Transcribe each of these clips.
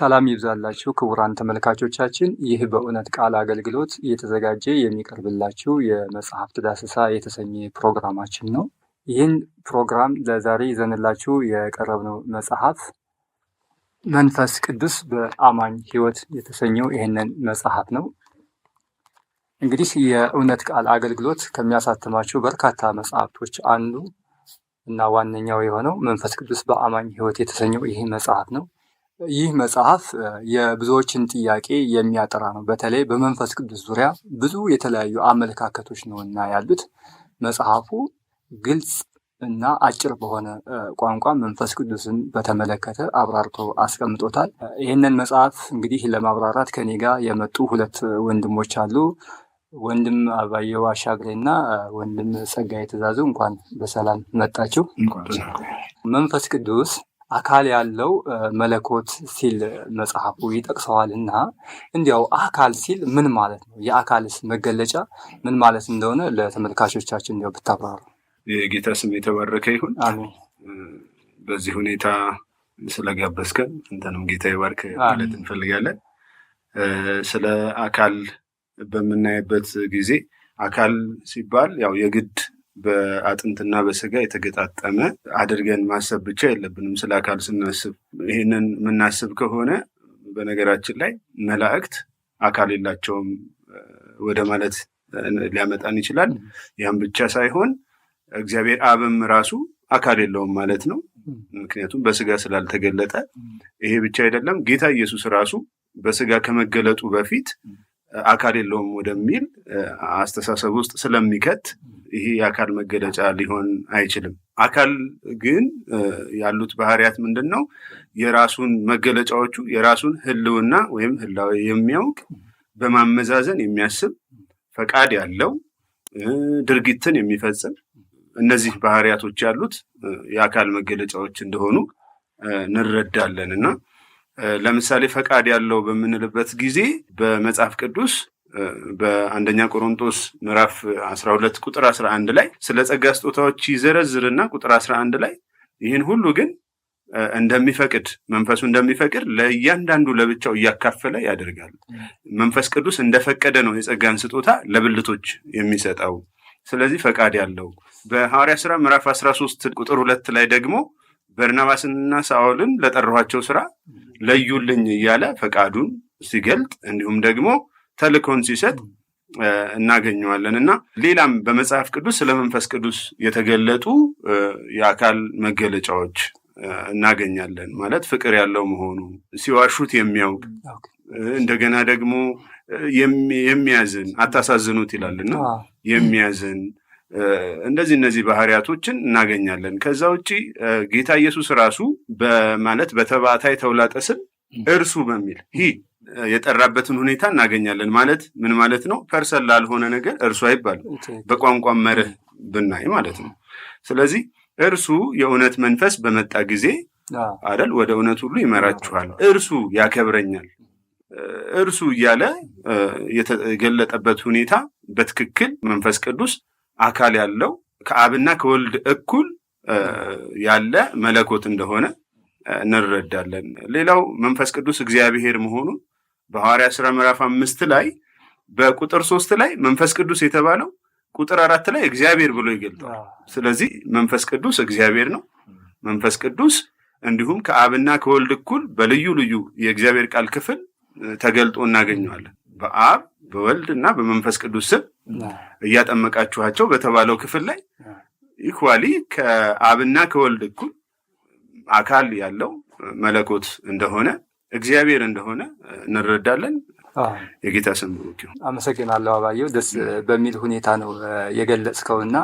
ሰላም ይብዛላችሁ ክቡራን ተመልካቾቻችን። ይህ በእውነት ቃል አገልግሎት እየተዘጋጀ የሚቀርብላችሁ የመጽሐፍት ዳሰሳ የተሰኘ ፕሮግራማችን ነው። ይህን ፕሮግራም ለዛሬ ይዘንላችሁ የቀረብነው መጽሐፍ መንፈስ ቅዱስ በአማኝ ሕይወት የተሰኘው ይህንን መጽሐፍ ነው። እንግዲህ የእውነት ቃል አገልግሎት ከሚያሳትማቸው በርካታ መጽሐፍቶች አንዱ እና ዋነኛው የሆነው መንፈስ ቅዱስ በአማኝ ሕይወት የተሰኘው ይህ መጽሐፍ ነው። ይህ መጽሐፍ የብዙዎችን ጥያቄ የሚያጠራ ነው። በተለይ በመንፈስ ቅዱስ ዙሪያ ብዙ የተለያዩ አመለካከቶች ነውና ያሉት መጽሐፉ ግልጽ እና አጭር በሆነ ቋንቋ መንፈስ ቅዱስን በተመለከተ አብራርቶ አስቀምጦታል። ይህንን መጽሐፍ እንግዲህ ለማብራራት ከኔ ጋር የመጡ ሁለት ወንድሞች አሉ። ወንድም አባየው አሻግሬ እና ወንድም ጸጋዬ ትእዛዙ እንኳን በሰላም መጣችሁ። መንፈስ ቅዱስ አካል ያለው መለኮት ሲል መጽሐፉ ይጠቅሰዋል እና እንዲያው አካል ሲል ምን ማለት ነው? የአካልስ መገለጫ ምን ማለት እንደሆነ ለተመልካቾቻችን እንዲያው ብታብራሩ። የጌታ ስም የተባረከ ይሁን። በዚህ ሁኔታ ስለጋበዝከን እንተንም ጌታ ይባርክ ማለት እንፈልጋለን። ስለ አካል በምናይበት ጊዜ አካል ሲባል ያው የግድ በአጥንትና በስጋ የተገጣጠመ አድርገን ማሰብ ብቻ የለብንም። ስለ አካል ስናስብ ይህንን የምናስብ ከሆነ በነገራችን ላይ መላእክት አካል የላቸውም ወደ ማለት ሊያመጣን ይችላል። ያም ብቻ ሳይሆን እግዚአብሔር አብም ራሱ አካል የለውም ማለት ነው። ምክንያቱም በስጋ ስላልተገለጠ። ይሄ ብቻ አይደለም፣ ጌታ ኢየሱስ ራሱ በስጋ ከመገለጡ በፊት አካል የለውም ወደሚል አስተሳሰብ ውስጥ ስለሚከት ይሄ የአካል መገለጫ ሊሆን አይችልም። አካል ግን ያሉት ባህሪያት ምንድን ነው? የራሱን መገለጫዎቹ የራሱን ህልውና ወይም ህላዊ የሚያውቅ በማመዛዘን የሚያስብ ፈቃድ ያለው ድርጊትን የሚፈጽም እነዚህ ባህሪያቶች ያሉት የአካል መገለጫዎች እንደሆኑ እንረዳለን እና ለምሳሌ ፈቃድ ያለው በምንልበት ጊዜ በመጽሐፍ ቅዱስ በአንደኛ ቆሮንቶስ ምዕራፍ 12 ቁጥር 11 ላይ ስለ ጸጋ ስጦታዎች ይዘረዝርና ቁጥር 11 ላይ ይህን ሁሉ ግን እንደሚፈቅድ መንፈሱ እንደሚፈቅድ ለእያንዳንዱ ለብቻው እያካፈለ ያደርጋል። መንፈስ ቅዱስ እንደፈቀደ ነው የጸጋን ስጦታ ለብልቶች የሚሰጠው። ስለዚህ ፈቃድ ያለው በሐዋርያ ስራ ምዕራፍ 13 ቁጥር ሁለት ላይ ደግሞ በርናባስንና ሳኦልን ለጠራኋቸው ስራ ለዩልኝ እያለ ፈቃዱን ሲገልጥ እንዲሁም ደግሞ ተልእኮን ሲሰጥ እናገኘዋለን እና ሌላም በመጽሐፍ ቅዱስ ስለ መንፈስ ቅዱስ የተገለጡ የአካል መገለጫዎች እናገኛለን። ማለት ፍቅር ያለው መሆኑ ሲዋሹት የሚያውቅ እንደገና ደግሞ የሚያዝን አታሳዝኑት ይላልና የሚያዝን እንደዚህ እነዚህ ባህሪያቶችን እናገኛለን። ከዛ ውጭ ጌታ ኢየሱስ ራሱ በማለት በተባታይ ተውላጠ ስም እርሱ በሚል ሂ የጠራበትን ሁኔታ እናገኛለን። ማለት ምን ማለት ነው? ፐርሰን ላልሆነ ነገር እርሱ አይባልም። በቋንቋ መርህ ብናይ ማለት ነው። ስለዚህ እርሱ የእውነት መንፈስ በመጣ ጊዜ አደል ወደ እውነት ሁሉ ይመራችኋል፣ እርሱ ያከብረኛል፣ እርሱ እያለ የተገለጠበት ሁኔታ በትክክል መንፈስ ቅዱስ አካል ያለው ከአብና ከወልድ እኩል ያለ መለኮት እንደሆነ እንረዳለን። ሌላው መንፈስ ቅዱስ እግዚአብሔር መሆኑን በሐዋርያ ሥራ ምዕራፍ አምስት ላይ በቁጥር ሶስት ላይ መንፈስ ቅዱስ የተባለው ቁጥር አራት ላይ እግዚአብሔር ብሎ ይገልጠዋል። ስለዚህ መንፈስ ቅዱስ እግዚአብሔር ነው። መንፈስ ቅዱስ እንዲሁም ከአብና ከወልድ እኩል በልዩ ልዩ የእግዚአብሔር ቃል ክፍል ተገልጦ እናገኘዋለን። በአብ በወልድ እና በመንፈስ ቅዱስ ስም እያጠመቃችኋቸው በተባለው ክፍል ላይ ይኳሊ ከአብና ከወልድ እኩል አካል ያለው መለኮት እንደሆነ እግዚአብሔር እንደሆነ እንረዳለን። የጌታ ስም ብሩክ አመሰግናለሁ አባየው። ደስ በሚል ሁኔታ ነው የገለጽከውና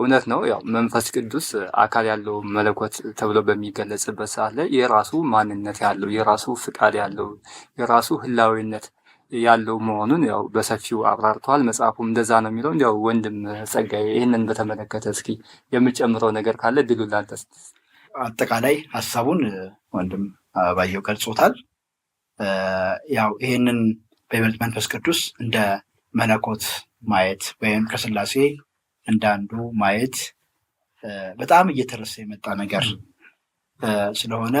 እውነት ነው። ያው መንፈስ ቅዱስ አካል ያለው መለኮት ተብሎ በሚገለጽበት ሰዓት ላይ የራሱ ማንነት ያለው የራሱ ፍቃድ ያለው የራሱ ህላዊነት ያለው መሆኑን ያው በሰፊው አብራርተዋል። መጽሐፉም እንደዛ ነው የሚለው። እንዲያው ወንድም ጸጋዬ ይህንን በተመለከተ እስኪ የምጨምረው ነገር ካለ ድሉ ላንተስ አጠቃላይ ሀሳቡን ወንድም አበባየው ገልጾታል። ያው ይህንን በይበልጥ መንፈስ ቅዱስ እንደ መለኮት ማየት ወይም ከስላሴ እንዳንዱ ማየት በጣም እየተረሳ የመጣ ነገር ስለሆነ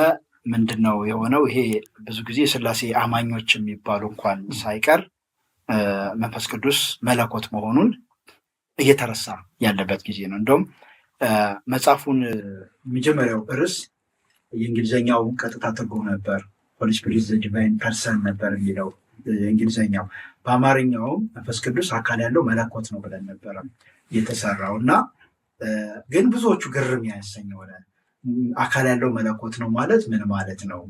ምንድን ነው የሆነው? ይሄ ብዙ ጊዜ የስላሴ አማኞች የሚባሉ እንኳን ሳይቀር መንፈስ ቅዱስ መለኮት መሆኑን እየተረሳ ያለበት ጊዜ ነው። እንደውም መጽሐፉን የመጀመሪያው ርዕስ የእንግሊዘኛው ቀጥታ ትርጉም ነበር። ሆሊ ስፒሪት ዘ ዲቫይን ፐርሰን ነበር የሚለው የእንግሊዝኛው። በአማርኛውም መንፈስ ቅዱስ አካል ያለው መለኮት ነው ብለን ነበረ የተሰራው እና ግን ብዙዎቹ ግርም ያሰኝ ሆነ። አካል ያለው መለኮት ነው ማለት ምን ማለት ነው?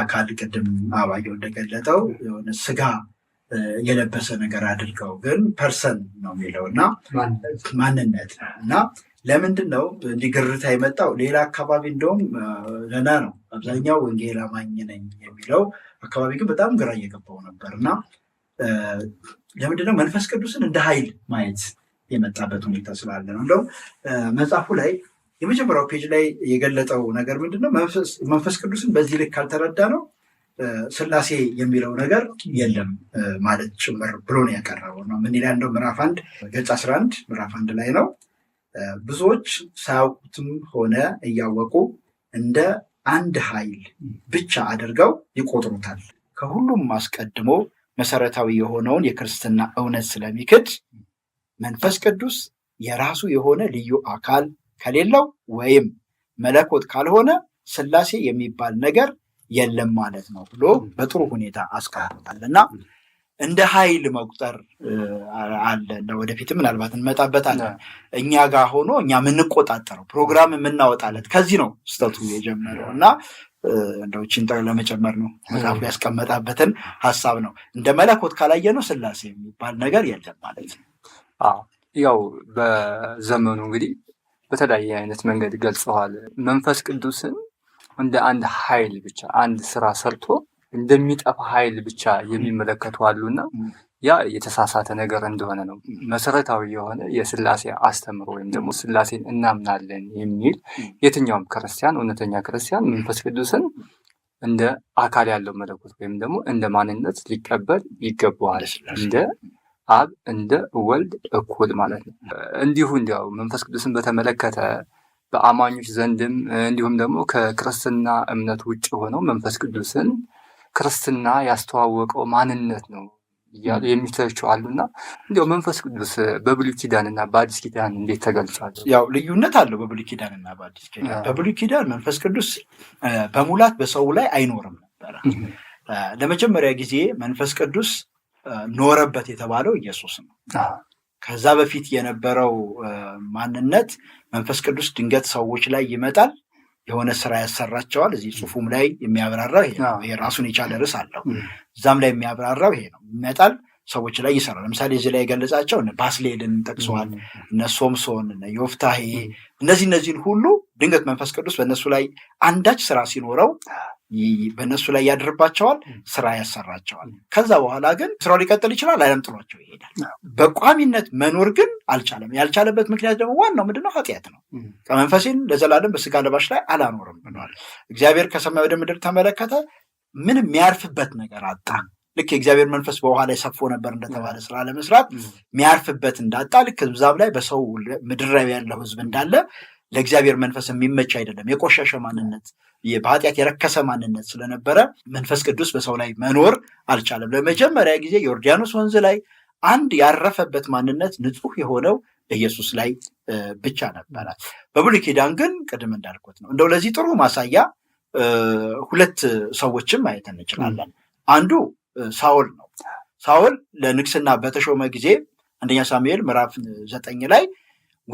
አካል ቅድም አባየው እንደገለጠው የሆነ ስጋ የለበሰ ነገር አድርገው ግን ፐርሰን ነው የሚለው እና ማንነት እና ለምንድን ነው እንዲህ ግርታ የመጣው? ሌላ አካባቢ እንደውም ለና ነው፣ አብዛኛው ወንጌል አማኝ ነኝ የሚለው አካባቢ ግን በጣም ግራ እየገባው ነበር። እና ለምንድን ነው መንፈስ ቅዱስን እንደ ኃይል ማየት የመጣበት ሁኔታ ስላለ ነው። እንደውም መጽሐፉ ላይ የመጀመሪያው ፔጅ ላይ የገለጠው ነገር ምንድን ነው? መንፈስ ቅዱስን በዚህ ልክ ካልተረዳ ነው ስላሴ የሚለው ነገር የለም ማለት ጭምር ብሎ ነው ያቀረበው። ነው ምን ይላል? እንደው ምዕራፍ አንድ ገጽ አስራ አንድ ምዕራፍ አንድ ላይ ነው ብዙዎች ሳያውቁትም ሆነ እያወቁ እንደ አንድ ኃይል ብቻ አድርገው ይቆጥሩታል። ከሁሉም አስቀድሞ መሰረታዊ የሆነውን የክርስትና እውነት ስለሚክድ መንፈስ ቅዱስ የራሱ የሆነ ልዩ አካል ከሌለው ወይም መለኮት ካልሆነ ስላሴ የሚባል ነገር የለም ማለት ነው ብሎ በጥሩ ሁኔታ አስቀምጣል እና እንደ ኃይል መቁጠር አለ። ወደፊትም ምናልባት እንመጣበታለን። እኛ ጋር ሆኖ እኛ የምንቆጣጠረው ፕሮግራም የምናወጣለት ከዚህ ነው ስተቱ የጀመረው እና እንደው ችንጠር ለመጨመር ነው መጽሐፉ ያስቀመጣበትን ሀሳብ ነው። እንደ መለኮት ካላየ ነው ስላሴ የሚባል ነገር የለም ማለት ነው። ያው በዘመኑ እንግዲህ በተለያየ አይነት መንገድ ገልጸዋል። መንፈስ ቅዱስን እንደ አንድ ኃይል ብቻ አንድ ስራ ሰርቶ እንደሚጠፋ ኃይል ብቻ የሚመለከቱ አሉና ያ የተሳሳተ ነገር እንደሆነ ነው። መሰረታዊ የሆነ የስላሴ አስተምሮ ወይም ደግሞ ስላሴን እናምናለን የሚል የትኛውም ክርስቲያን እውነተኛ ክርስቲያን መንፈስ ቅዱስን እንደ አካል ያለው መለኮት ወይም ደግሞ እንደ ማንነት ሊቀበል ይገባዋል። እንደ አብ እንደ ወልድ እኩል ማለት ነው። እንዲሁ እንዲያው መንፈስ ቅዱስን በተመለከተ በአማኞች ዘንድም እንዲሁም ደግሞ ከክርስትና እምነት ውጭ ሆነው መንፈስ ቅዱስን ክርስትና ያስተዋወቀው ማንነት ነው እያሉ የሚተቹ አሉና እንዲያው መንፈስ ቅዱስ በብሉይ ኪዳንና በአዲስ ኪዳን እንዴት ተገልጿል? ያው ልዩነት አለው። በብሉይ ኪዳንና በአዲስ ኪዳን በብሉይ ኪዳን መንፈስ ቅዱስ በሙላት በሰው ላይ አይኖርም ነበረ። ለመጀመሪያ ጊዜ መንፈስ ቅዱስ ኖረበት የተባለው ኢየሱስ ነው። ከዛ በፊት የነበረው ማንነት መንፈስ ቅዱስ ድንገት ሰዎች ላይ ይመጣል የሆነ ስራ ያሰራቸዋል። እዚህ ጽሁፉም ላይ የሚያብራራው ይሄ የራሱን የቻለ ርዕስ አለው። እዛም ላይ የሚያብራራው ይሄ ነው። ይመጣል፣ ሰዎች ላይ ይሰራል። ለምሳሌ እዚህ ላይ የገለጻቸው ባስሌልን ጠቅሰዋል፣ እነ ሶምሶን፣ እነ ዮፍታሄ እነዚህ እነዚህን ሁሉ ድንገት መንፈስ ቅዱስ በእነሱ ላይ አንዳች ስራ ሲኖረው በእነሱ ላይ ያድርባቸዋል፣ ስራ ያሰራቸዋል። ከዛ በኋላ ግን ስራው ሊቀጥል ይችላል፣ አለም ጥሏቸው ይሄዳል። በቋሚነት መኖር ግን አልቻለም። ያልቻለበት ምክንያት ደግሞ ዋናው ምንድነው? ኃጢአት ነው። ከመንፈሴን ለዘላለም በስጋ ለባሽ ላይ አላኖርም ብሏል። እግዚአብሔር ከሰማይ ወደ ምድር ተመለከተ፣ ምንም የሚያርፍበት ነገር አጣ። ልክ የእግዚአብሔር መንፈስ በውሃ ላይ ሰፎ ነበር እንደተባለ ስራ ለመስራት የሚያርፍበት እንዳጣ ልክ ብዛብ ላይ በሰው ምድር ላይ ያለው ህዝብ እንዳለ ለእግዚአብሔር መንፈስ የሚመች አይደለም። የቆሸሸ ማንነት፣ በኃጢአት የረከሰ ማንነት ስለነበረ መንፈስ ቅዱስ በሰው ላይ መኖር አልቻለም። ለመጀመሪያ ጊዜ ዮርዳኖስ ወንዝ ላይ አንድ ያረፈበት ማንነት ንጹህ የሆነው በኢየሱስ ላይ ብቻ ነበረ። በብሉይ ኪዳን ግን ቅድም እንዳልኩት ነው። እንደው ለዚህ ጥሩ ማሳያ ሁለት ሰዎችም ማየት እንችላለን። አንዱ ሳውል ነው። ሳውል ለንግስና በተሾመ ጊዜ አንደኛ ሳሙኤል ምዕራፍ ዘጠኝ ላይ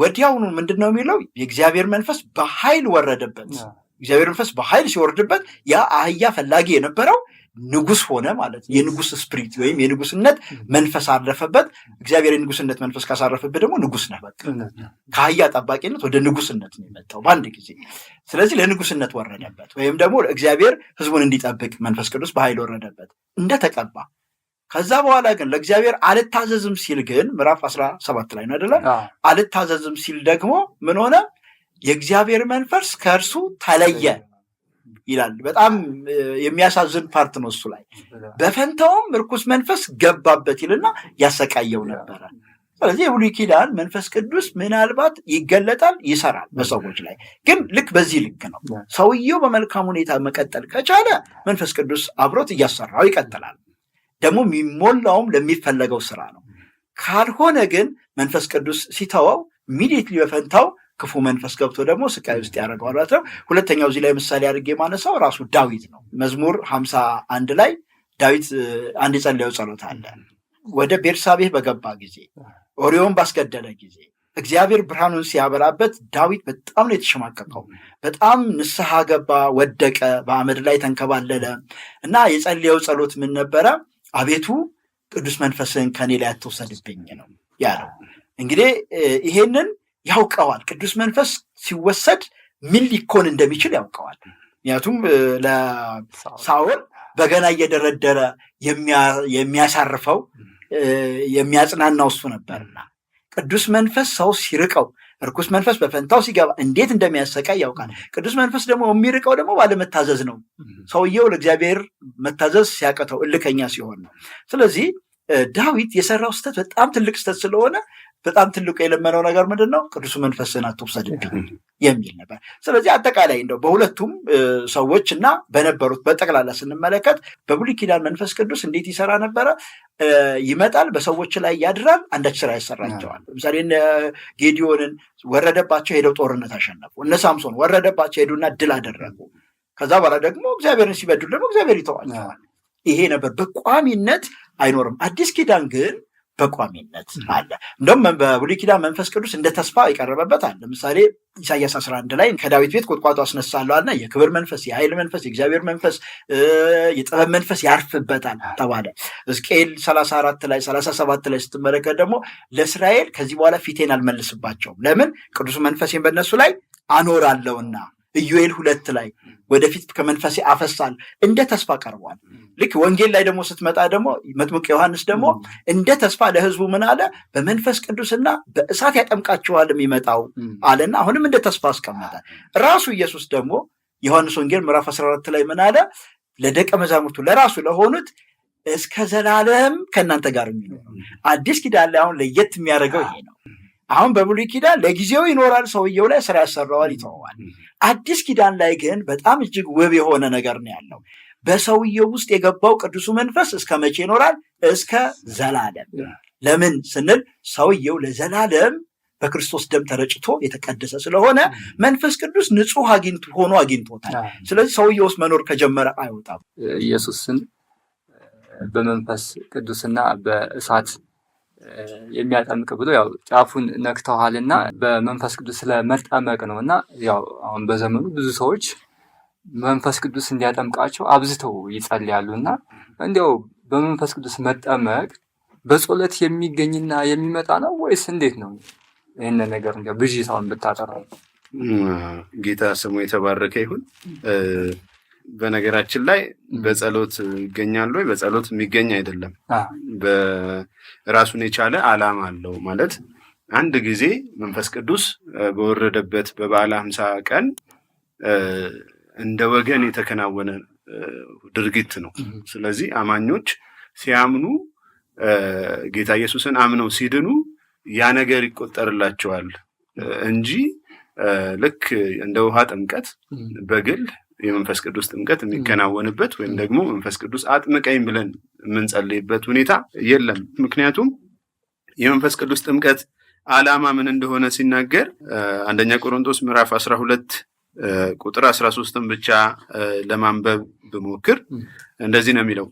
ወዲያውኑ ምንድን ነው የሚለው የእግዚአብሔር መንፈስ በኃይል ወረደበት። እግዚአብሔር መንፈስ በኃይል ሲወርድበት ያ አህያ ፈላጊ የነበረው ንጉስ ሆነ ማለት ነው። የንጉስ ስፕሪት ወይም የንጉስነት መንፈስ አረፈበት። እግዚአብሔር የንጉስነት መንፈስ ካሳረፈበት ደግሞ ንጉስ ነህ። በቃ ከአህያ ጠባቂነት ወደ ንጉስነት ነው የመጣው በአንድ ጊዜ። ስለዚህ ለንጉስነት ወረደበት፣ ወይም ደግሞ እግዚአብሔር ህዝቡን እንዲጠብቅ መንፈስ ቅዱስ በኃይል ወረደበት እንደተቀባ ከዛ በኋላ ግን ለእግዚአብሔር አልታዘዝም ሲል ግን ምዕራፍ አስራ ሰባት ላይ ነው አይደለም። አልታዘዝም ሲል ደግሞ ምን ሆነ? የእግዚአብሔር መንፈስ ከእርሱ ተለየ ይላል። በጣም የሚያሳዝን ፓርት ነው እሱ ላይ። በፈንታውም እርኩስ መንፈስ ገባበት ይልና ያሰቃየው ነበረ። ስለዚህ የብሉይ ኪዳን መንፈስ ቅዱስ ምናልባት ይገለጣል፣ ይሰራል በሰዎች ላይ ግን ልክ በዚህ ልክ ነው። ሰውየው በመልካም ሁኔታ መቀጠል ከቻለ መንፈስ ቅዱስ አብሮት እያሰራው ይቀጥላል። ደግሞ የሚሞላውም ለሚፈለገው ስራ ነው። ካልሆነ ግን መንፈስ ቅዱስ ሲተወው ሚዲት ሊበፈንታው ክፉ መንፈስ ገብቶ ደግሞ ስቃይ ውስጥ ያደርገዋል ማለት ነው። ሁለተኛው እዚህ ላይ ምሳሌ አድርጌ የማነሳው ራሱ ዳዊት ነው። መዝሙር ሀምሳ አንድ ላይ ዳዊት አንድ የጸለየው ጸሎት አለ። ወደ ቤርሳቤህ በገባ ጊዜ፣ ኦሪዮን ባስገደለ ጊዜ እግዚአብሔር ብርሃኑን ሲያበራበት ዳዊት በጣም ነው የተሸማቀቀው። በጣም ንስሐ ገባ፣ ወደቀ፣ በአመድ ላይ ተንከባለለ እና የጸለየው ጸሎት ምን ነበረ? አቤቱ ቅዱስ መንፈስን ከኔ ላይ አትውሰድብኝ ነው ያለው። እንግዲህ ይሄንን ያውቀዋል። ቅዱስ መንፈስ ሲወሰድ ምን ሊኮን እንደሚችል ያውቀዋል። ምክንያቱም ለሳውል በገና እየደረደረ የሚያሳርፈው የሚያጽናናው እሱ ነበርና ቅዱስ መንፈስ ሰው ሲርቀው ርኩስ መንፈስ በፈንታው ሲገባ እንዴት እንደሚያሰቃይ ያውቃል። ቅዱስ መንፈስ ደግሞ የሚርቀው ደግሞ ባለመታዘዝ ነው። ሰውየው ለእግዚአብሔር መታዘዝ ሲያቀተው እልከኛ ሲሆን ነው። ስለዚህ ዳዊት የሰራው ስህተት በጣም ትልቅ ስህተት ስለሆነ በጣም ትልቁ የለመነው ነገር ምንድን ነው? ቅዱሱ መንፈስን አትውሰድብኝ የሚል ነበር። ስለዚህ አጠቃላይ እንደው በሁለቱም ሰዎች እና በነበሩት በጠቅላላ ስንመለከት በብሉይ ኪዳን መንፈስ ቅዱስ እንዴት ይሰራ ነበረ? ይመጣል፣ በሰዎች ላይ ያድራል፣ አንዳች ስራ ያሰራቸዋል። ለምሳሌ እነ ጌዲዮንን ወረደባቸው፣ ሄደው ጦርነት አሸነፉ። እነ ሳምሶን ወረደባቸው፣ ሄዱና ድል አደረጉ። ከዛ በኋላ ደግሞ እግዚአብሔርን ሲበድሉ ደግሞ እግዚአብሔር ይተዋቸዋል። ይሄ ነበር። በቋሚነት አይኖርም። አዲስ ኪዳን ግን በቋሚነት አለ። እንደውም በብሉይ ኪዳን መንፈስ ቅዱስ እንደ ተስፋ የቀረበበት አለ። ለምሳሌ ኢሳያስ 11 ላይ ከዳዊት ቤት ቁጥቋጦ አስነሳለሁና የክብር መንፈስ፣ የኃይል መንፈስ፣ የእግዚአብሔር መንፈስ፣ የጥበብ መንፈስ ያርፍበታል ተባለ። ሕዝቅኤል 34 ላይ 37 ላይ ስትመለከት ደግሞ ለእስራኤል ከዚህ በኋላ ፊቴን አልመልስባቸውም ለምን ቅዱስ መንፈሴን በእነሱ ላይ አኖራለውና ኢዩኤል ሁለት ላይ ወደፊት ከመንፈሴ አፈሳል እንደ ተስፋ ቀርቧል። ልክ ወንጌል ላይ ደግሞ ስትመጣ ደግሞ መጥምቅ ዮሐንስ ደግሞ እንደ ተስፋ ለህዝቡ ምን አለ? በመንፈስ ቅዱስና በእሳት ያጠምቃችኋል የሚመጣው አለና አሁንም እንደ ተስፋ አስቀመጠ። ራሱ ኢየሱስ ደግሞ ዮሐንስ ወንጌል ምዕራፍ 14 ላይ ምን አለ? ለደቀ መዛሙርቱ ለራሱ ለሆኑት እስከ ዘላለም ከእናንተ ጋር የሚኖር አዲስ ኪዳን ላይ አሁን ለየት የሚያደርገው ይሄ ነው። አሁን በብሉይ ኪዳን ለጊዜው ይኖራል፣ ሰውየው ላይ ስራ ያሰራዋል፣ ይተወዋል። አዲስ ኪዳን ላይ ግን በጣም እጅግ ውብ የሆነ ነገር ነው ያለው። በሰውየው ውስጥ የገባው ቅዱሱ መንፈስ እስከ መቼ ይኖራል? እስከ ዘላለም። ለምን ስንል ሰውየው ለዘላለም በክርስቶስ ደም ተረጭቶ የተቀደሰ ስለሆነ መንፈስ ቅዱስ ንጹሕ አግኝቶ ሆኖ አግኝቶታል። ስለዚህ ሰውየው ውስጥ መኖር ከጀመረ አይወጣም። ኢየሱስን በመንፈስ ቅዱስና በእሳት የሚያጠምቅ ብሎ ያው ጫፉን ነክተዋል እና በመንፈስ ቅዱስ ስለመጠመቅ ነው እና ያው አሁን በዘመኑ ብዙ ሰዎች መንፈስ ቅዱስ እንዲያጠምቃቸው አብዝተው ይጸልያሉ እና እንዲያው በመንፈስ ቅዱስ መጠመቅ በጸሎት የሚገኝና የሚመጣ ነው ወይስ እንዴት ነው? ይህን ነገር እንዲያው ብዥታውን ብታጠራ። ጌታ ስሙ የተባረከ ይሁን። በነገራችን ላይ በጸሎት ይገኛሉ ወይ? በጸሎት የሚገኝ አይደለም። በራሱን የቻለ ዓላማ አለው ማለት አንድ ጊዜ መንፈስ ቅዱስ በወረደበት በበዓለ ሃምሳ ቀን እንደ ወገን የተከናወነ ድርጊት ነው። ስለዚህ አማኞች ሲያምኑ ጌታ ኢየሱስን አምነው ሲድኑ ያ ነገር ይቆጠርላቸዋል እንጂ ልክ እንደ ውሃ ጥምቀት በግል የመንፈስ ቅዱስ ጥምቀት የሚከናወንበት ወይም ደግሞ መንፈስ ቅዱስ አጥምቀኝ ብለን የምንጸልይበት ሁኔታ የለም። ምክንያቱም የመንፈስ ቅዱስ ጥምቀት ዓላማ ምን እንደሆነ ሲናገር አንደኛ ቆሮንቶስ ምዕራፍ 12 ቁጥር 13 ብቻ ለማንበብ ብሞክር እንደዚህ ነው የሚለው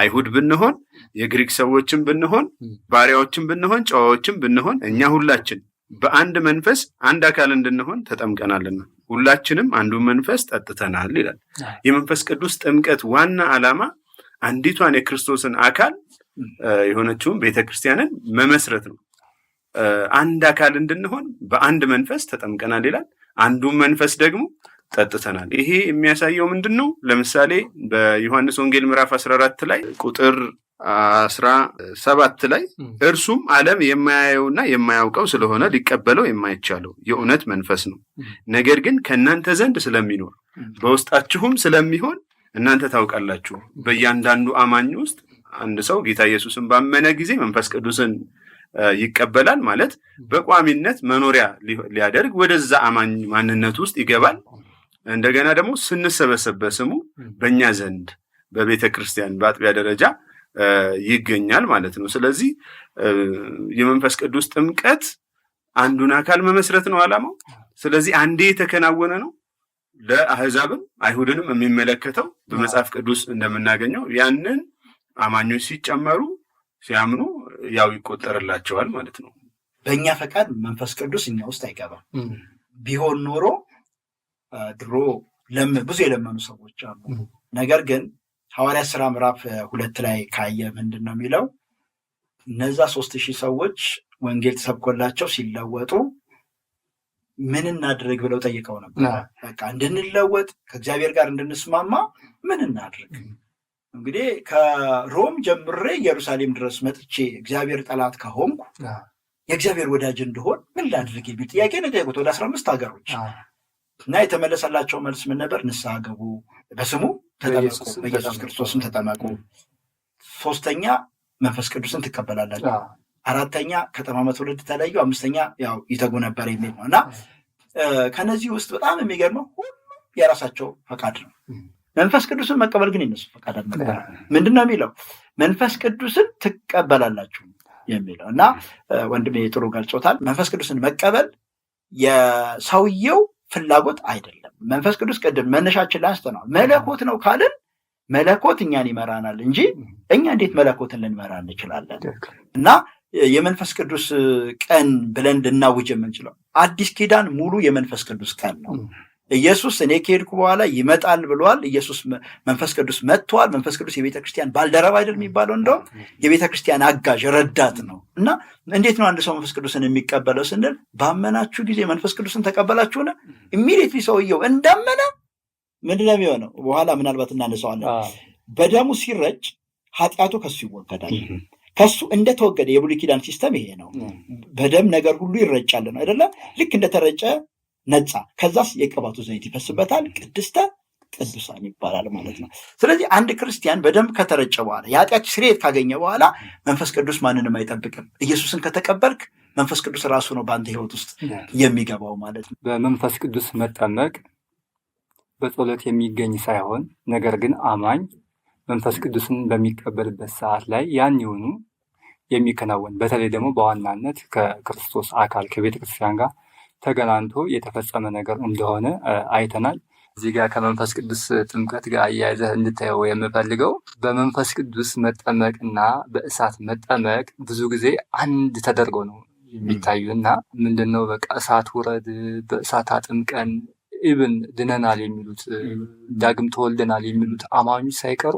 አይሁድ ብንሆን የግሪክ ሰዎችን ብንሆን ባሪያዎችን ብንሆን ጨዋዎችን ብንሆን እኛ ሁላችን በአንድ መንፈስ አንድ አካል እንድንሆን ተጠምቀናልና ሁላችንም አንዱን መንፈስ ጠጥተናል ይላል። የመንፈስ ቅዱስ ጥምቀት ዋና ዓላማ አንዲቷን የክርስቶስን አካል የሆነችውን ቤተክርስቲያንን መመስረት ነው። አንድ አካል እንድንሆን በአንድ መንፈስ ተጠምቀናል ይላል። አንዱን መንፈስ ደግሞ ጠጥተናል። ይሄ የሚያሳየው ምንድን ነው? ለምሳሌ በዮሐንስ ወንጌል ምዕራፍ 14 ላይ ቁጥር አስራ ሰባት ላይ እርሱም ዓለም የማያየውና የማያውቀው ስለሆነ ሊቀበለው የማይቻለው የእውነት መንፈስ ነው። ነገር ግን ከእናንተ ዘንድ ስለሚኖር በውስጣችሁም ስለሚሆን እናንተ ታውቃላችሁ። በእያንዳንዱ አማኝ ውስጥ አንድ ሰው ጌታ ኢየሱስን ባመነ ጊዜ መንፈስ ቅዱስን ይቀበላል ማለት በቋሚነት መኖሪያ ሊያደርግ ወደዛ አማኝ ማንነት ውስጥ ይገባል። እንደገና ደግሞ ስንሰበሰብ በስሙ በእኛ ዘንድ በቤተ ክርስቲያን በአጥቢያ ደረጃ ይገኛል ማለት ነው። ስለዚህ የመንፈስ ቅዱስ ጥምቀት አንዱን አካል መመስረት ነው ዓላማው። ስለዚህ አንዴ የተከናወነ ነው ለአህዛብም አይሁድንም የሚመለከተው በመጽሐፍ ቅዱስ እንደምናገኘው ያንን አማኞች ሲጨመሩ ሲያምኑ ያው ይቆጠርላቸዋል ማለት ነው። በእኛ ፈቃድ መንፈስ ቅዱስ እኛ ውስጥ አይገባም። ቢሆን ኖሮ ድሮ ብዙ የለመኑ ሰዎች አሉ። ነገር ግን ሐዋርያ ስራ ምዕራፍ ሁለት ላይ ካየ ምንድን ነው የሚለው? እነዛ ሶስት ሺህ ሰዎች ወንጌል ተሰብኮላቸው ሲለወጡ ምን እናድርግ ብለው ጠይቀው ነበር። በቃ እንድንለወጥ ከእግዚአብሔር ጋር እንድንስማማ ምን እናድርግ? እንግዲህ ከሮም ጀምሬ ኢየሩሳሌም ድረስ መጥቼ እግዚአብሔር ጠላት ከሆንኩ የእግዚአብሔር ወዳጅ እንደሆን ምን ላድርግ የሚል ጥያቄ ነው የጠየቁት ወደ አስራ አምስት ሀገሮች እና የተመለሰላቸው መልስ ምን ነበር? ንስሐ ግቡ፣ በስሙ ተጠመቁ፣ በኢየሱስ ክርስቶስም ተጠመቁ። ሶስተኛ መንፈስ ቅዱስን ትቀበላላችሁ። አራተኛ ከተማመ ትውልድ ተለዩ። አምስተኛ ያው ይተጉ ነበር የሚል ነው እና ከነዚህ ውስጥ በጣም የሚገርመው ሁሉም የራሳቸው ፈቃድ ነው። መንፈስ ቅዱስን መቀበል ግን የነሱ ፈቃድ አልነበረ። ምንድን ነው የሚለው መንፈስ ቅዱስን ትቀበላላችሁ የሚለው እና ወንድሜ ጥሩ ገልጾታል። መንፈስ ቅዱስን መቀበል የሰውየው ፍላጎት አይደለም። መንፈስ ቅዱስ ቅድም መነሻችን ላይ አንስተነዋል። መለኮት ነው ካልን መለኮት እኛን ይመራናል እንጂ እኛ እንዴት መለኮትን ልንመራ እንችላለን? እና የመንፈስ ቅዱስ ቀን ብለን ልናውጅ የምንችለው አዲስ ኪዳን ሙሉ የመንፈስ ቅዱስ ቀን ነው። ኢየሱስ እኔ ከሄድኩ በኋላ ይመጣል ብሏል። ኢየሱስ መንፈስ ቅዱስ መጥቷል። መንፈስ ቅዱስ የቤተ ክርስቲያን ባልደረባ አይደል የሚባለው? እንደውም የቤተ ክርስቲያን አጋዥ ረዳት ነው። እና እንዴት ነው አንድ ሰው መንፈስ ቅዱስን የሚቀበለው ስንል፣ ባመናችሁ ጊዜ መንፈስ ቅዱስን ተቀበላችሁን? ኢሚዲየትሊ ሰውየው እንዳመነ ምንድን ነው የሚሆነው? በኋላ ምናልባት እናነሳዋለን። በደሙ ሲረጭ ኃጢአቱ ከሱ ይወገዳል። ከሱ እንደተወገደ የብሉይ ኪዳን ሲስተም ይሄ ነው። በደም ነገር ሁሉ ይረጫል ነው አይደለም? ልክ እንደተረጨ ነጻ። ከዛስ የቅባቱ ዘይት ይፈስበታል፣ ቅድስተ ቅዱሳን ይባላል ማለት ነው። ስለዚህ አንድ ክርስቲያን በደንብ ከተረጨ በኋላ የኃጢአት ስርየት ካገኘ በኋላ መንፈስ ቅዱስ ማንንም አይጠብቅም። ኢየሱስን ከተቀበልክ መንፈስ ቅዱስ ራሱ ነው በአንተ ህይወት ውስጥ የሚገባው ማለት ነው። በመንፈስ ቅዱስ መጠመቅ በጸሎት የሚገኝ ሳይሆን ነገር ግን አማኝ መንፈስ ቅዱስን በሚቀበልበት ሰዓት ላይ ያን የሆኑ የሚከናወን በተለይ ደግሞ በዋናነት ከክርስቶስ አካል ከቤተክርስቲያን ጋር ተገናንቶ የተፈጸመ ነገር እንደሆነ አይተናል። እዚህ ጋር ከመንፈስ ቅዱስ ጥምቀት ጋር አያይዘህ እንድታየው የምፈልገው በመንፈስ ቅዱስ መጠመቅ እና በእሳት መጠመቅ ብዙ ጊዜ አንድ ተደርጎ ነው የሚታዩ እና ምንድነው በቃ እሳት ውረድ፣ በእሳት አጥምቀን ኢብን ድነናል የሚሉት ዳግም ተወልደናል የሚሉት አማኞች ሳይቀሩ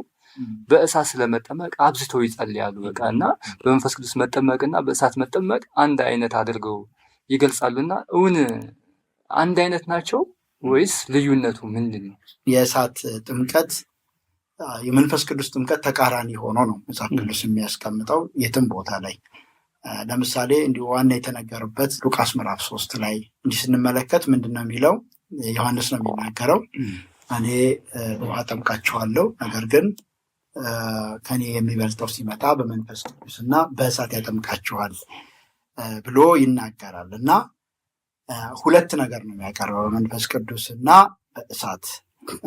በእሳት ስለመጠመቅ አብዝተው ይጸልያሉ። በቃ እና በመንፈስ ቅዱስ መጠመቅና በእሳት መጠመቅ አንድ አይነት አድርገው ይገልጻሉ እና እውን አንድ አይነት ናቸው ወይስ ልዩነቱ ምንድን ነው? የእሳት ጥምቀት የመንፈስ ቅዱስ ጥምቀት ተቃራኒ ሆኖ ነው መጽሐፍ ቅዱስ የሚያስቀምጠው የትም ቦታ ላይ ለምሳሌ እንዲሁ ዋና የተነገርበት ሉቃስ ምዕራፍ ሶስት ላይ እንዲህ ስንመለከት ምንድን ነው የሚለው ዮሐንስ ነው የሚናገረው እኔ ውሃ ጠምቃችኋለሁ፣ ነገር ግን ከኔ የሚበልጠው ሲመጣ በመንፈስ ቅዱስ እና በእሳት ያጠምቃችኋል ብሎ ይናገራል እና ሁለት ነገር ነው የሚያቀርበው በመንፈስ ቅዱስ እና በእሳት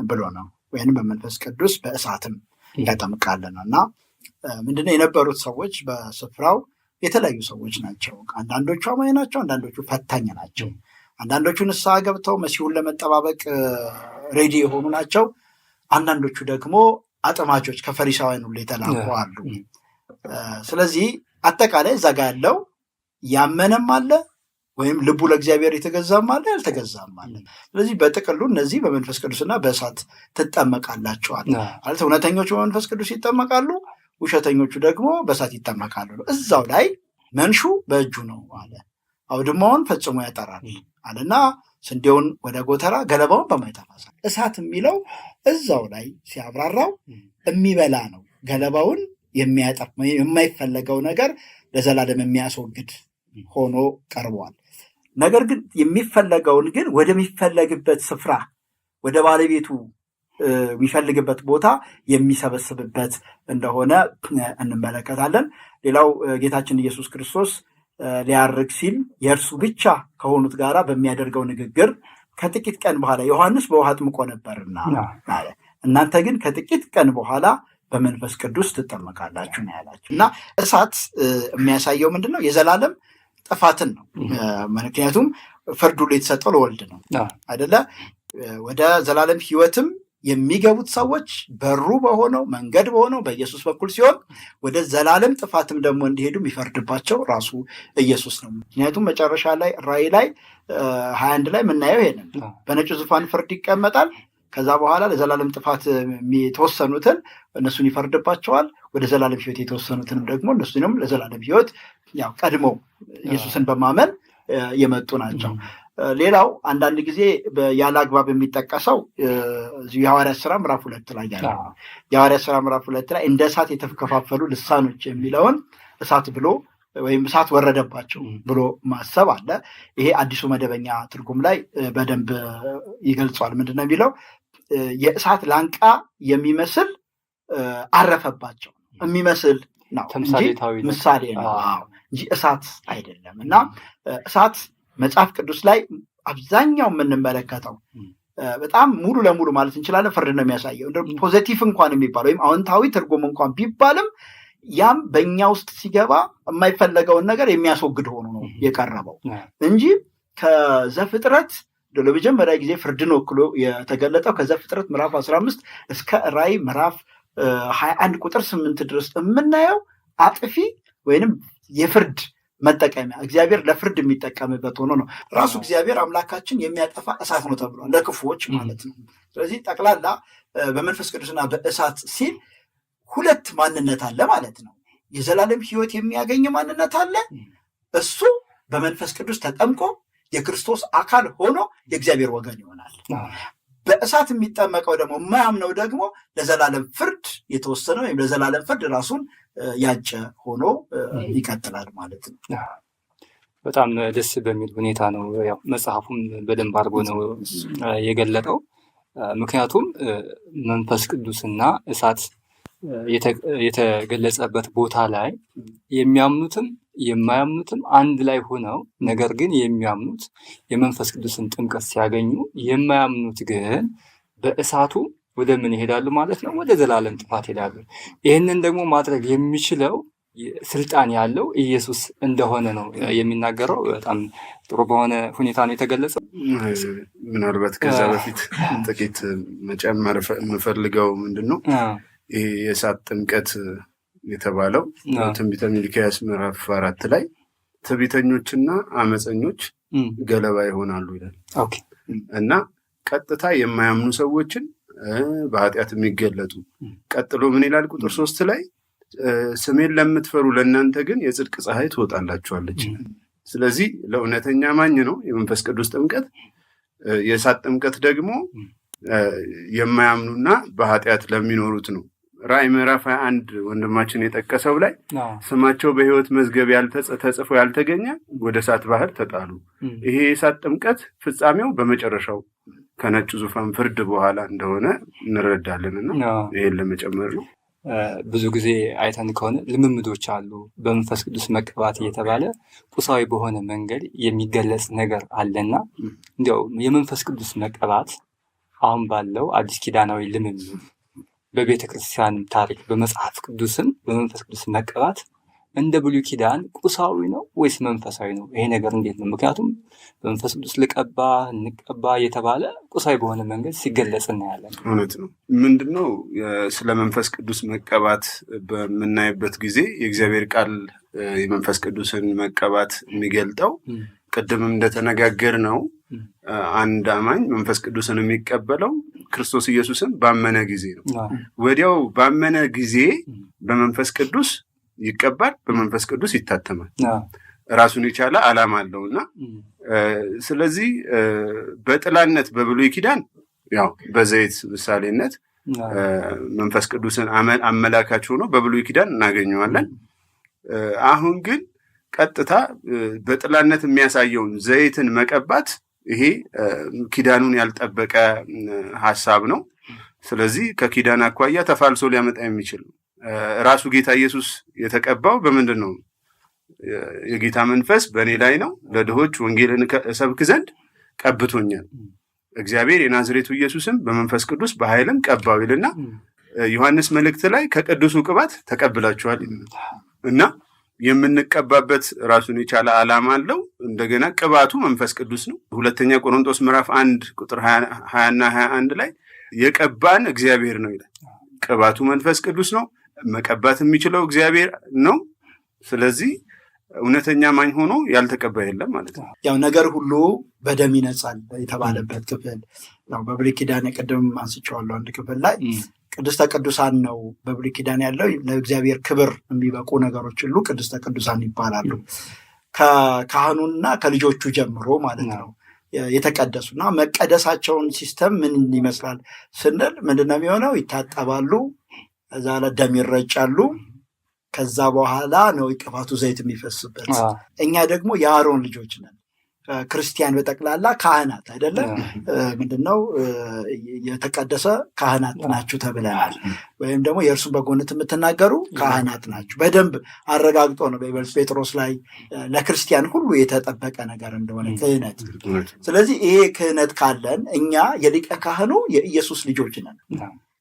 ብሎ ነው ወይም በመንፈስ ቅዱስ በእሳትም ያጠምቃል ነው እና ምንድነው የነበሩት ሰዎች በስፍራው የተለያዩ ሰዎች ናቸው። አንዳንዶቹ አማኝ ናቸው፣ አንዳንዶቹ ፈታኝ ናቸው። አንዳንዶቹ ንስሐ ገብተው መሲሁን ለመጠባበቅ ሬዲ የሆኑ ናቸው። አንዳንዶቹ ደግሞ አጥማቾች ከፈሪሳውያን ሁሉ የተላኩ አሉ። ስለዚህ አጠቃላይ እዛ ጋ ያለው ያመነም አለ ወይም ልቡ ለእግዚአብሔር የተገዛም አለ ያልተገዛም አለ። ስለዚህ በጥቅሉ እነዚህ በመንፈስ ቅዱስና በእሳት ትጠመቃላቸዋል ማለት እውነተኞቹ በመንፈስ ቅዱስ ይጠመቃሉ፣ ውሸተኞቹ ደግሞ በእሳት ይጠመቃሉ። እዛው ላይ መንሹ በእጁ ነው አለ። አውድማውን ፈጽሞ ያጠራል አለና ስንዴውን ወደ ጎተራ ገለባውን በማይጠፋ እሳት የሚለው እዛው ላይ ሲያብራራው የሚበላ ነው ገለባውን የማይፈለገው ነገር ለዘላለም የሚያስወግድ ሆኖ ቀርቧል። ነገር ግን የሚፈለገውን ግን ወደሚፈለግበት ስፍራ ወደ ባለቤቱ የሚፈልግበት ቦታ የሚሰበስብበት እንደሆነ እንመለከታለን። ሌላው ጌታችን ኢየሱስ ክርስቶስ ሊያርግ ሲል የእርሱ ብቻ ከሆኑት ጋራ በሚያደርገው ንግግር ከጥቂት ቀን በኋላ ዮሐንስ በውሃ ጥምቆ ነበርና እናንተ ግን ከጥቂት ቀን በኋላ በመንፈስ ቅዱስ ትጠመቃላችሁ ነው ያላችሁ እና እሳት የሚያሳየው ምንድን ነው? የዘላለም ጥፋትን ነው። ምክንያቱም ፍርዱ ሁሉ የተሰጠው ለወልድ ነው አይደለ? ወደ ዘላለም ህይወትም የሚገቡት ሰዎች በሩ በሆነው መንገድ በሆነው በኢየሱስ በኩል ሲሆን ወደ ዘላለም ጥፋትም ደግሞ እንዲሄዱ የሚፈርድባቸው ራሱ ኢየሱስ ነው። ምክንያቱም መጨረሻ ላይ ራእይ ላይ ሀያ አንድ ላይ የምናየው ይሄንን በነጭ ዙፋን ፍርድ ይቀመጣል። ከዛ በኋላ ለዘላለም ጥፋት የተወሰኑትን እነሱን ይፈርድባቸዋል። ወደ ዘላለም ህይወት የተወሰኑትንም ደግሞ እነሱንም ለዘላለም ህይወት ያው ቀድሞ ኢየሱስን በማመን የመጡ ናቸው። ሌላው አንዳንድ ጊዜ ያለ አግባብ የሚጠቀሰው የሐዋርያ ስራ ምዕራፍ ሁለት ላይ ያለ የሐዋርያ ስራ ምራፍ ሁለት ላይ እንደ እሳት የተከፋፈሉ ልሳኖች የሚለውን እሳት ብሎ ወይም እሳት ወረደባቸው ብሎ ማሰብ አለ። ይሄ አዲሱ መደበኛ ትርጉም ላይ በደንብ ይገልጿል። ምንድን ነው የሚለው? የእሳት ላንቃ የሚመስል አረፈባቸው የሚመስል ነው ምሳሌ ነው። እንጂ እሳት አይደለም። እና እሳት መጽሐፍ ቅዱስ ላይ አብዛኛው የምንመለከተው በጣም ሙሉ ለሙሉ ማለት እንችላለን ፍርድ ነው የሚያሳየው። ፖዘቲቭ እንኳን የሚባለው ወይም አዎንታዊ ትርጉም እንኳን ቢባልም ያም በእኛ ውስጥ ሲገባ የማይፈለገውን ነገር የሚያስወግድ ሆኖ ነው የቀረበው እንጂ ከዘፍጥረት ለመጀመሪያ ጊዜ ፍርድን ወክሎ የተገለጠው ከዘፍጥረት ምዕራፍ 15 እስከ ራይ ምዕራፍ 21 ቁጥር ስምንት ድረስ የምናየው አጥፊ ወይንም የፍርድ መጠቀሚያ እግዚአብሔር ለፍርድ የሚጠቀምበት ሆኖ ነው። ራሱ እግዚአብሔር አምላካችን የሚያጠፋ እሳት ነው ተብሏል፣ ለክፉዎች ማለት ነው። ስለዚህ ጠቅላላ በመንፈስ ቅዱስና በእሳት ሲል ሁለት ማንነት አለ ማለት ነው። የዘላለም ሕይወት የሚያገኝ ማንነት አለ። እሱ በመንፈስ ቅዱስ ተጠምቆ የክርስቶስ አካል ሆኖ የእግዚአብሔር ወገን ይሆናል። በእሳት የሚጠመቀው ደግሞ የማያምነው ደግሞ ለዘላለም ፍርድ የተወሰነ ወይም ለዘላለም ፍርድ ራሱን ያጨ ሆኖ ይቀጥላል ማለት ነው። በጣም ደስ በሚል ሁኔታ ነው ያው መጽሐፉም በደንብ አድርጎ ነው የገለጠው። ምክንያቱም መንፈስ ቅዱስና እሳት የተገለጸበት ቦታ ላይ የሚያምኑትም የማያምኑትም አንድ ላይ ሆነው ነገር ግን የሚያምኑት የመንፈስ ቅዱስን ጥምቀት ሲያገኙ፣ የማያምኑት ግን በእሳቱ ወደ ምን ይሄዳሉ ማለት ነው? ወደ ዘላለም ጥፋት ይሄዳሉ። ይህንን ደግሞ ማድረግ የሚችለው ስልጣን ያለው ኢየሱስ እንደሆነ ነው የሚናገረው። በጣም ጥሩ በሆነ ሁኔታ ነው የተገለጸው። ምናልባት ከዛ በፊት ጥቂት መጨመር የምፈልገው ምንድን ነው ይህ የእሳት ጥምቀት የተባለው ትንቢተ ሚልኪያስ ምዕራፍ አራት ላይ ትቢተኞችና አመፀኞች ገለባ ይሆናሉ ይላል እና ቀጥታ የማያምኑ ሰዎችን በኃጢአት የሚገለጡ ቀጥሎ ምን ይላል? ቁጥር ሶስት ላይ ስሜን ለምትፈሩ ለእናንተ ግን የጽድቅ ፀሐይ ትወጣላችኋለች። ስለዚህ ለእውነተኛ ማኝ ነው የመንፈስ ቅዱስ ጥምቀት። የእሳት ጥምቀት ደግሞ የማያምኑና በኃጢአት ለሚኖሩት ነው። ራእይ ምዕራፍ 21 ወንድማችን የጠቀሰው ላይ ስማቸው በህይወት መዝገብ ተጽፎ ያልተገኘ ወደ እሳት ባህር ተጣሉ። ይሄ የእሳት ጥምቀት ፍጻሜው በመጨረሻው ከነጩ ዙፋን ፍርድ በኋላ እንደሆነ እንረዳለንና ይህን ለመጨመር ነው። ብዙ ጊዜ አይተን ከሆነ ልምምዶች አሉ። በመንፈስ ቅዱስ መቀባት እየተባለ ቁሳዊ በሆነ መንገድ የሚገለጽ ነገር አለና እንዲያው የመንፈስ ቅዱስ መቀባት አሁን ባለው አዲስ ኪዳናዊ ልምምድ በቤተ ክርስቲያን ታሪክ በመጽሐፍ ቅዱስም በመንፈስ ቅዱስ መቀባት እንደ ብሉይ ኪዳን ቁሳዊ ነው ወይስ መንፈሳዊ ነው? ይሄ ነገር እንዴት ነው? ምክንያቱም በመንፈስ ቅዱስ ልቀባ እንቀባ የተባለ ቁሳዊ በሆነ መንገድ ሲገለጽ እናያለን። እውነት ነው። ነው ስለ መንፈስ ቅዱስ መቀባት በምናይበት ጊዜ የእግዚአብሔር ቃል የመንፈስ ቅዱስን መቀባት የሚገልጠው ቅድምም እንደተነጋገር ነው አንድ አማኝ መንፈስ ቅዱስን የሚቀበለው ክርስቶስ ኢየሱስን ባመነ ጊዜ ነው። ወዲያው ባመነ ጊዜ በመንፈስ ቅዱስ ይቀባል፣ በመንፈስ ቅዱስ ይታተማል። ራሱን የቻለ ዓላማ አለው እና ስለዚህ በጥላነት በብሉይ ኪዳን ያው በዘይት ምሳሌነት መንፈስ ቅዱስን አመላካች ሆኖ በብሉይ ኪዳን እናገኘዋለን። አሁን ግን ቀጥታ በጥላነት የሚያሳየውን ዘይትን መቀባት ይሄ ኪዳኑን ያልጠበቀ ሀሳብ ነው። ስለዚህ ከኪዳን አኳያ ተፋልሶ ሊያመጣ የሚችል ራሱ ጌታ ኢየሱስ የተቀባው በምንድን ነው? የጌታ መንፈስ በእኔ ላይ ነው፣ ለድሆች ወንጌልን እሰብክ ዘንድ ቀብቶኛል። እግዚአብሔር የናዝሬቱ ኢየሱስም በመንፈስ ቅዱስ በኃይልም ቀባው ይልና ዮሐንስ መልእክት ላይ ከቅዱሱ ቅባት ተቀብላችኋል እና የምንቀባበት ራሱን የቻለ ዓላማ አለው። እንደገና ቅባቱ መንፈስ ቅዱስ ነው። ሁለተኛ ቆሮንቶስ ምዕራፍ አንድ ቁጥር ሀያና ሀያ አንድ ላይ የቀባን እግዚአብሔር ነው ይላል። ቅባቱ መንፈስ ቅዱስ ነው። መቀባት የሚችለው እግዚአብሔር ነው። ስለዚህ እውነተኛ ማኝ ሆኖ ያልተቀባ የለም ማለት ነው። ያው ነገር ሁሉ በደም ይነጻል የተባለበት ክፍል በብሉይ ኪዳን ቅድም አንስቼዋለሁ አንድ ክፍል ላይ ቅድስተ ቅዱሳን ነው በብሉይ ኪዳን ያለው። ለእግዚአብሔር ክብር የሚበቁ ነገሮች ሁሉ ቅድስተ ቅዱሳን ይባላሉ። ከካህኑና ከልጆቹ ጀምሮ ማለት ነው የተቀደሱ እና መቀደሳቸውን ሲስተም ምን ይመስላል ስንል ምንድነው የሚሆነው? ይታጠባሉ፣ እዛ ላይ ደም ይረጫሉ። ከዛ በኋላ ነው ቅፋቱ ዘይት የሚፈስበት። እኛ ደግሞ የአሮን ልጆች ነን። ክርስቲያን በጠቅላላ ካህናት አይደለም ምንድነው የተቀደሰ ካህናት ናችሁ ተብለናል። ወይም ደግሞ የእርሱን በጎነት የምትናገሩ ካህናት ናችሁ። በደንብ አረጋግጦ ነው በኢቨርስ ጴጥሮስ ላይ ለክርስቲያን ሁሉ የተጠበቀ ነገር እንደሆነ ክህነት። ስለዚህ ይሄ ክህነት ካለን እኛ የሊቀ ካህኑ የኢየሱስ ልጆች ነን።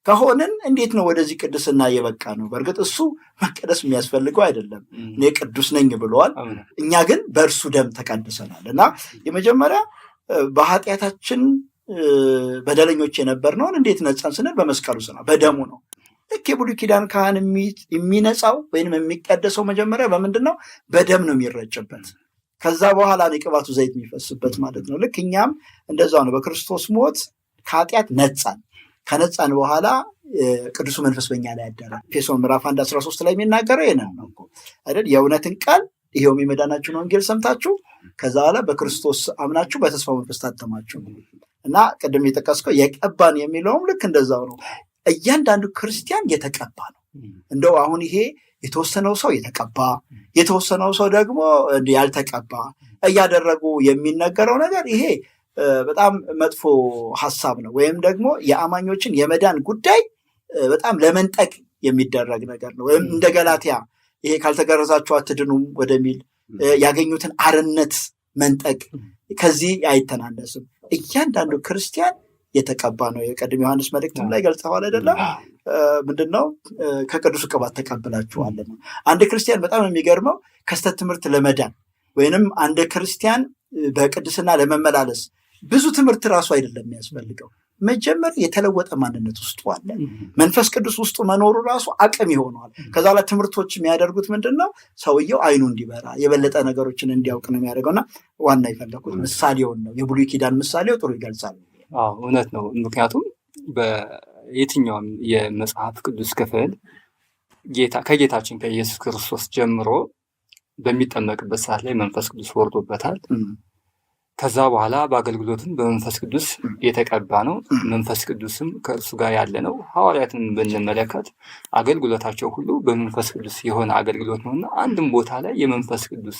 ከሆንን እንዴት ነው ወደዚህ ቅድስና የበቃ ነው? በእርግጥ እሱ መቀደስ የሚያስፈልገው አይደለም። እኔ ቅዱስ ነኝ ብለዋል። እኛ ግን በእርሱ ደም ተቀድሰናል እና የመጀመሪያ በኃጢአታችን በደለኞች የነበርነውን እንዴት ነፃን ስንል በመስቀሉ ስራ በደሙ ነው። ልክ የብሉይ ኪዳን ካህን የሚነጻው ወይም የሚቀደሰው መጀመሪያ በምንድን ነው? በደም ነው የሚረጭበት። ከዛ በኋላ የቅባቱ ዘይት የሚፈስበት ማለት ነው። ልክ እኛም እንደዛ ነው። በክርስቶስ ሞት ከኃጢአት ነፃን ከነፃን በኋላ ቅዱሱ መንፈስ በኛ ላይ ያደረ ኤፌሶን ምዕራፍ አንድ አስራ ሶስት ላይ የሚናገረው ይህንን ነው አይደል? የእውነትን ቃል ይሄውም የመዳናችሁን ወንጌል ሰምታችሁ ከዛ በኋላ በክርስቶስ አምናችሁ በተስፋ መንፈስ ታተማችሁ እና ቅድም የጠቀስከው የቀባን የሚለውም ልክ እንደዛው ነው። እያንዳንዱ ክርስቲያን የተቀባ ነው። እንደው አሁን ይሄ የተወሰነው ሰው የተቀባ የተወሰነው ሰው ደግሞ ያልተቀባ እያደረጉ የሚነገረው ነገር ይሄ በጣም መጥፎ ሀሳብ ነው። ወይም ደግሞ የአማኞችን የመዳን ጉዳይ በጣም ለመንጠቅ የሚደረግ ነገር ነው። ወይም እንደ ገላትያ ይሄ ካልተገረዛችሁ አትድኑም ወደሚል ያገኙትን አርነት መንጠቅ ከዚህ አይተናነስም። እያንዳንዱ ክርስቲያን የተቀባ ነው። የቀድም ዮሐንስ መልእክትም ላይ ገልጸዋል አይደለም? ምንድነው ከቅዱስ ቅባት ተቀብላችኋል ነው። አንድ ክርስቲያን በጣም የሚገርመው ከስተት ትምህርት ለመዳን ወይንም አንድ ክርስቲያን በቅድስና ለመመላለስ ብዙ ትምህርት ራሱ አይደለም የሚያስፈልገው። መጀመሪያ የተለወጠ ማንነት ውስጡ አለ። መንፈስ ቅዱስ ውስጡ መኖሩ ራሱ አቅም ይሆነዋል። ከዛ ላይ ትምህርቶች የሚያደርጉት ምንድን ነው? ሰውየው አይኑ እንዲበራ የበለጠ ነገሮችን እንዲያውቅ ነው የሚያደርገው እና ዋና የፈለኩት ምሳሌውን ነው። የብሉይ ኪዳን ምሳሌው ጥሩ ይገልጻል። እውነት ነው። ምክንያቱም በየትኛውም የመጽሐፍ ቅዱስ ክፍል ጌታ ከጌታችን ከኢየሱስ ክርስቶስ ጀምሮ በሚጠመቅበት ሰዓት ላይ መንፈስ ቅዱስ ወርዶበታል። ከዛ በኋላ በአገልግሎትም በመንፈስ ቅዱስ የተቀባ ነው። መንፈስ ቅዱስም ከእርሱ ጋር ያለ ነው። ሐዋርያትን ብንመለከት አገልግሎታቸው ሁሉ በመንፈስ ቅዱስ የሆነ አገልግሎት ነው እና አንድም ቦታ ላይ የመንፈስ ቅዱስ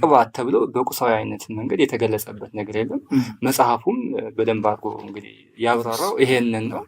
ቅባት ተብሎ በቁሳዊ አይነት መንገድ የተገለጸበት ነገር የለም። መጽሐፉም በደንብ አድርጎ እንግዲህ ያብራራው ይሄንን ነው።